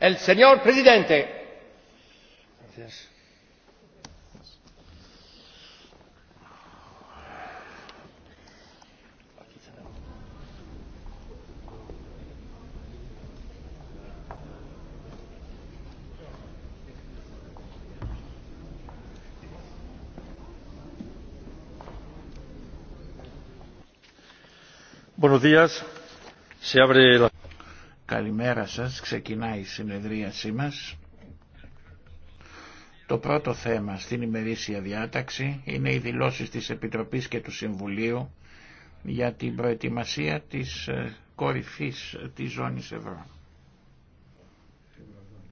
El señor presidente. Buenos días. Se abre la Καλημέρα σας, ξεκινάει η συνεδρίασή μας. Το πρώτο θέμα στην ημερήσια διάταξη είναι οι δηλώσεις της Επιτροπής και του Συμβουλίου για την προετοιμασία της ε, κορυφής ε, της ζώνης ευρώ.